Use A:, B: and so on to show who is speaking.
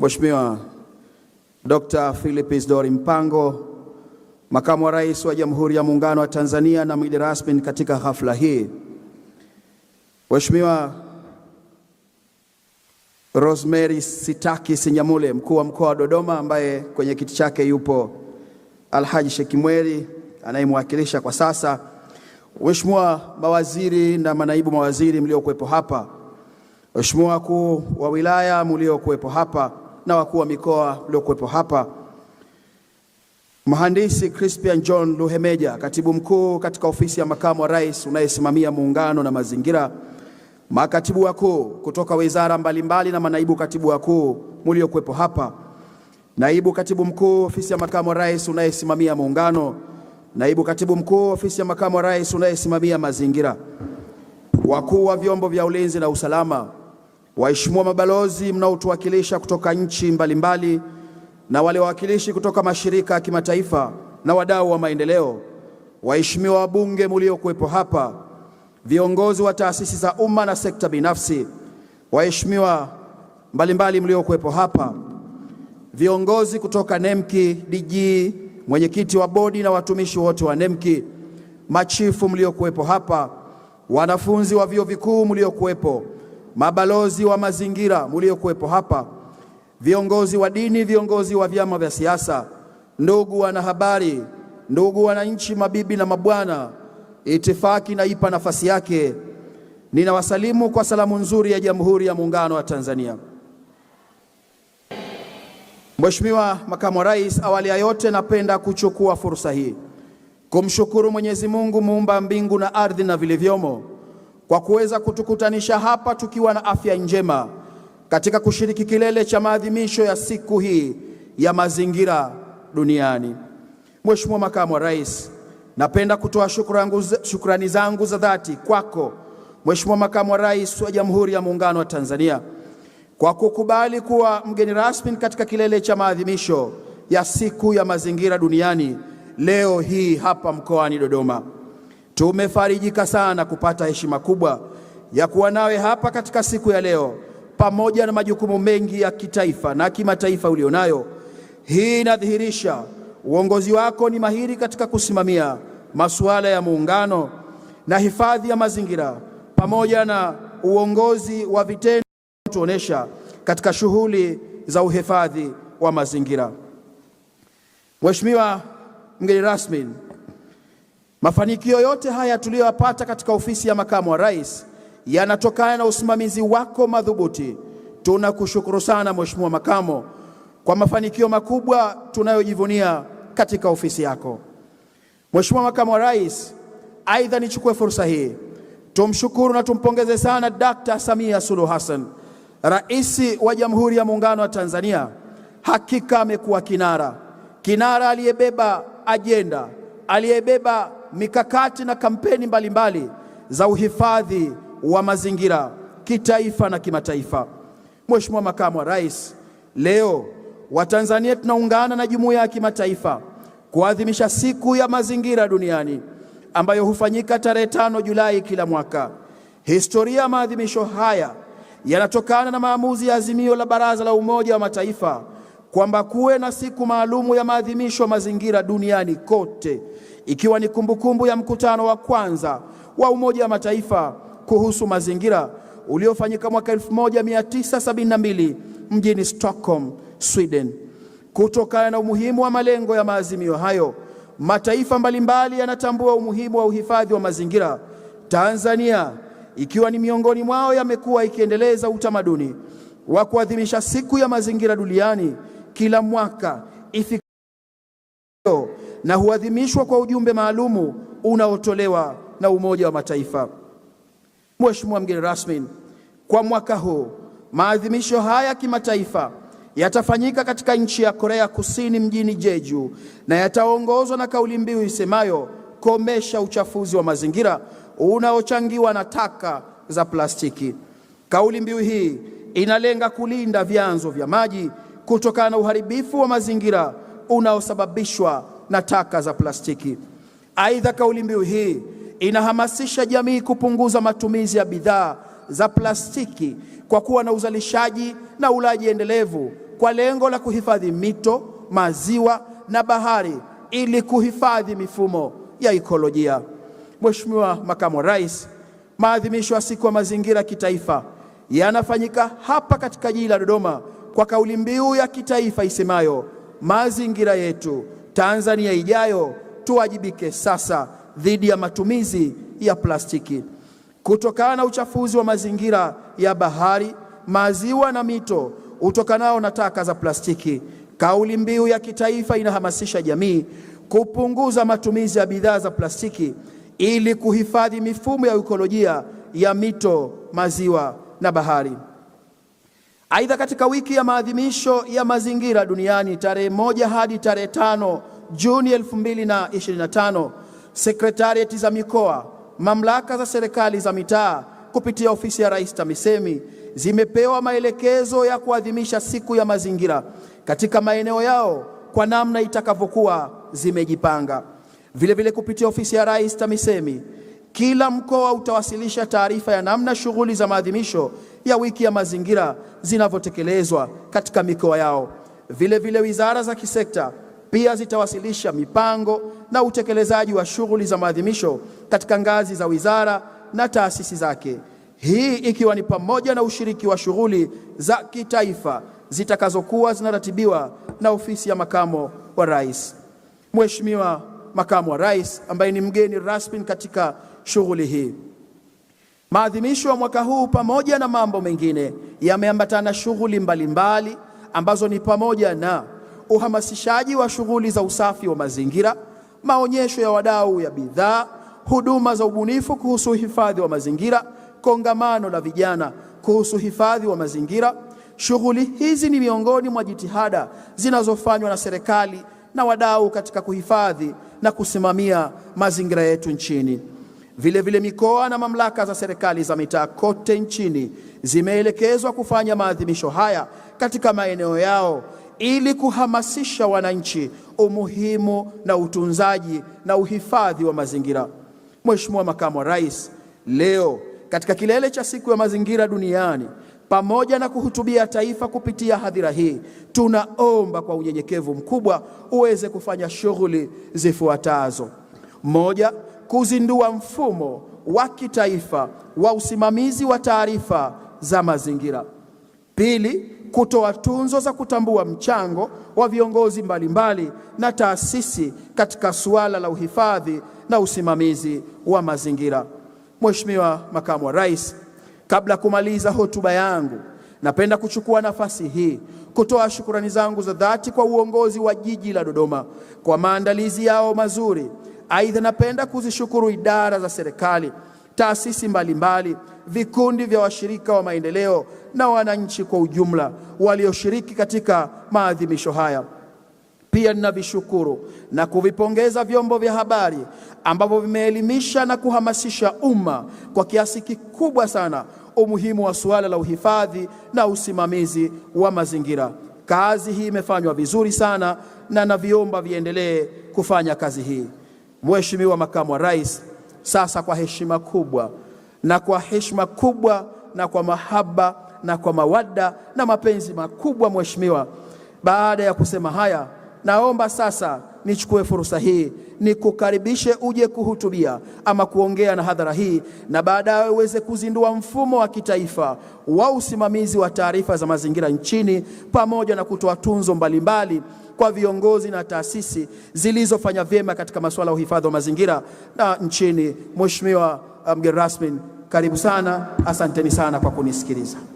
A: Mheshimiwa Dr. Philip Isdori Mpango, Makamu wa Rais wa Jamhuri ya Muungano wa Tanzania na mgeni rasmi katika hafla hii, Mheshimiwa Rosemary Sitaki Sinyamule, Mkuu wa Mkoa wa Dodoma, ambaye kwenye kiti chake yupo Alhaji Shekimweri anayemwakilisha kwa sasa, Mheshimiwa mawaziri na manaibu mawaziri mliokuwepo hapa, Mheshimiwa wakuu wa wilaya mliokuwepo hapa na wakuu wa mikoa mliokuwepo hapa, Mhandisi Crispian John Luhemeja, katibu mkuu katika ofisi ya makamu wa rais unayesimamia muungano na mazingira, makatibu wakuu kutoka wizara mbalimbali na manaibu katibu wakuu mliokuwepo hapa, naibu katibu mkuu ofisi ya makamu wa rais unayesimamia muungano, naibu katibu mkuu ofisi ya makamu wa rais unayesimamia mazingira, wakuu wa vyombo vya ulinzi na usalama Waheshimiwa mabalozi mnaotuwakilisha kutoka nchi mbalimbali na wale wawakilishi kutoka mashirika ya kimataifa na wadau wa maendeleo, waheshimiwa wabunge muliokuwepo hapa, viongozi wa taasisi za umma na sekta binafsi, waheshimiwa mbalimbali mliokuwepo hapa, viongozi kutoka NEMKI, DG, mwenyekiti wa bodi na watumishi wote wa NEMKI, machifu mliokuwepo hapa, wanafunzi wa vyuo vikuu mliokuwepo mabalozi wa mazingira mliokuwepo hapa, viongozi wa dini, viongozi wa vyama vya siasa, ndugu wanahabari, ndugu wananchi, mabibi na mabwana, itifaki naipa nafasi yake. Ninawasalimu kwa salamu nzuri ya Jamhuri ya Muungano wa Tanzania. Mheshimiwa Makamu wa Rais, awali ya yote napenda kuchukua fursa hii kumshukuru Mwenyezi Mungu muumba mbingu na ardhi na vilivyomo kwa kuweza kutukutanisha hapa tukiwa na afya njema katika kushiriki kilele cha maadhimisho ya siku hii ya mazingira duniani. Mheshimiwa Makamu wa Rais, napenda kutoa shukrani zangu za dhati kwako Mheshimiwa Makamu wa Rais wa Jamhuri ya Muungano wa Tanzania kwa kukubali kuwa mgeni rasmi katika kilele cha maadhimisho ya siku ya mazingira duniani leo hii hapa mkoani Dodoma. Tumefarijika sana kupata heshima kubwa ya kuwa nawe hapa katika siku ya leo, pamoja na majukumu mengi ya kitaifa na kimataifa ulionayo. Hii inadhihirisha uongozi wako ni mahiri katika kusimamia masuala ya muungano na hifadhi ya mazingira, pamoja na uongozi wa vitendo tuonesha katika shughuli za uhifadhi wa mazingira. Mheshimiwa mgeni rasmi Mafanikio yote haya tuliyoyapata katika ofisi ya makamu wa rais yanatokana na usimamizi wako madhubuti. Tunakushukuru sana Mheshimiwa Makamo kwa mafanikio makubwa tunayojivunia katika ofisi yako. Mheshimiwa Makamu wa Rais, aidha nichukue fursa hii tumshukuru na tumpongeze sana Dkt. Samia Suluhu Hassan, Rais wa Jamhuri ya Muungano wa Tanzania. Hakika amekuwa kinara, kinara aliyebeba ajenda, aliyebeba mikakati na kampeni mbalimbali mbali za uhifadhi wa mazingira kitaifa na kimataifa. Mheshimiwa Makamu wa Rais, leo Watanzania tunaungana na jumuiya ya kimataifa kuadhimisha siku ya mazingira duniani ambayo hufanyika tarehe tano Julai kila mwaka. Historia ya maadhimisho haya yanatokana na maamuzi ya azimio la Baraza la Umoja wa Mataifa kwamba kuwe na siku maalumu ya maadhimisho ya mazingira duniani kote, ikiwa ni kumbukumbu ya mkutano wa kwanza wa Umoja wa Mataifa kuhusu mazingira uliofanyika mwaka 1972 mjini Stockholm, Sweden. Kutokana na umuhimu wa malengo ya maazimio hayo, mataifa mbalimbali yanatambua umuhimu wa uhifadhi wa mazingira. Tanzania ikiwa ni miongoni mwao, yamekuwa ikiendeleza utamaduni wa kuadhimisha siku ya mazingira duniani kila mwaka ifika na huadhimishwa kwa ujumbe maalumu unaotolewa na Umoja wa Mataifa. Mheshimiwa mgeni rasmi, kwa mwaka huu maadhimisho haya kimataifa yatafanyika katika nchi ya Korea Kusini mjini Jeju na yataongozwa na kauli mbiu isemayo komesha uchafuzi wa mazingira unaochangiwa na taka za plastiki. Kauli mbiu hii inalenga kulinda vyanzo vya maji kutokana na uharibifu wa mazingira unaosababishwa na taka za plastiki. Aidha, kauli mbiu hii inahamasisha jamii kupunguza matumizi ya bidhaa za plastiki kwa kuwa na uzalishaji na ulaji endelevu kwa lengo la kuhifadhi mito, maziwa na bahari ili kuhifadhi mifumo ya ikolojia. Mheshimiwa Makamu wa Rais, maadhimisho ya Siku ya Mazingira kitaifa yanafanyika hapa katika jiji la Dodoma kwa kauli mbiu ya kitaifa isemayo mazingira yetu, Tanzania ijayo, tuwajibike sasa dhidi ya matumizi ya plastiki. Kutokana na uchafuzi wa mazingira ya bahari, maziwa na mito utokanao na taka za plastiki, kauli mbiu ya kitaifa inahamasisha jamii kupunguza matumizi ya bidhaa za plastiki ili kuhifadhi mifumo ya ekolojia ya mito, maziwa na bahari. Aidha, katika wiki ya maadhimisho ya mazingira duniani tarehe moja hadi tarehe tano Juni 2025, sekretarieti za mikoa, mamlaka za serikali za mitaa kupitia ofisi ya Rais TAMISEMI zimepewa maelekezo ya kuadhimisha siku ya mazingira katika maeneo yao kwa namna itakavyokuwa zimejipanga. Vilevile, kupitia ofisi ya Rais TAMISEMI, kila mkoa utawasilisha taarifa ya namna shughuli za maadhimisho ya wiki ya mazingira zinavyotekelezwa katika mikoa yao. vile vile wizara za kisekta pia zitawasilisha mipango na utekelezaji wa shughuli za maadhimisho katika ngazi za wizara na taasisi zake, hii ikiwa ni pamoja na ushiriki wa shughuli za kitaifa zitakazokuwa zinaratibiwa na ofisi ya makamo wa rais. Mheshimiwa makamu wa rais ambaye ni mgeni rasmi katika shughuli hii Maadhimisho ya mwaka huu pamoja na mambo mengine yameambatana shughuli mbalimbali ambazo ni pamoja na uhamasishaji wa shughuli za usafi wa mazingira, maonyesho ya wadau ya bidhaa, huduma za ubunifu kuhusu uhifadhi wa mazingira, kongamano la vijana kuhusu uhifadhi wa mazingira. Shughuli hizi ni miongoni mwa jitihada zinazofanywa na serikali na wadau katika kuhifadhi na kusimamia mazingira yetu nchini. Vile vile mikoa na mamlaka za serikali za mitaa kote nchini zimeelekezwa kufanya maadhimisho haya katika maeneo yao ili kuhamasisha wananchi umuhimu na utunzaji na uhifadhi wa mazingira. Mheshimiwa Makamu wa Rais, leo katika kilele cha siku ya mazingira duniani, pamoja na kuhutubia taifa kupitia hadhira hii, tunaomba kwa unyenyekevu mkubwa uweze kufanya shughuli zifuatazo: moja, kuzindua mfumo wa kitaifa wa usimamizi wa taarifa za mazingira. Pili, kutoa tunzo za kutambua mchango wa viongozi mbalimbali mbali na taasisi katika suala la uhifadhi na usimamizi wa mazingira. Mheshimiwa Makamu wa Rais, kabla ya kumaliza hotuba yangu, napenda kuchukua nafasi hii kutoa shukrani zangu za dhati kwa uongozi wa jiji la Dodoma kwa maandalizi yao mazuri Aidha, napenda kuzishukuru idara za serikali, taasisi mbalimbali, vikundi vya washirika wa maendeleo na wananchi kwa ujumla walioshiriki katika maadhimisho haya. Pia ninavishukuru na kuvipongeza vyombo vya habari ambavyo vimeelimisha na kuhamasisha umma kwa kiasi kikubwa sana umuhimu wa suala la uhifadhi na usimamizi wa mazingira. Kazi hii imefanywa vizuri sana na naviomba viendelee kufanya kazi hii. Mheshimiwa Makamu wa Rais, sasa kwa heshima kubwa na kwa heshima kubwa na kwa mahaba na kwa mawada na mapenzi makubwa, Mheshimiwa, baada ya kusema haya, naomba sasa nichukue fursa hii nikukaribishe uje kuhutubia ama kuongea na hadhara hii, na baadaye uweze kuzindua mfumo wa kitaifa wa usimamizi wa taarifa za mazingira nchini pamoja na kutoa tunzo mbalimbali kwa viongozi na taasisi zilizofanya vyema katika masuala ya uhifadhi wa mazingira na nchini. Mheshimiwa uh, mgeni rasmi, karibu sana, asanteni sana kwa kunisikiliza.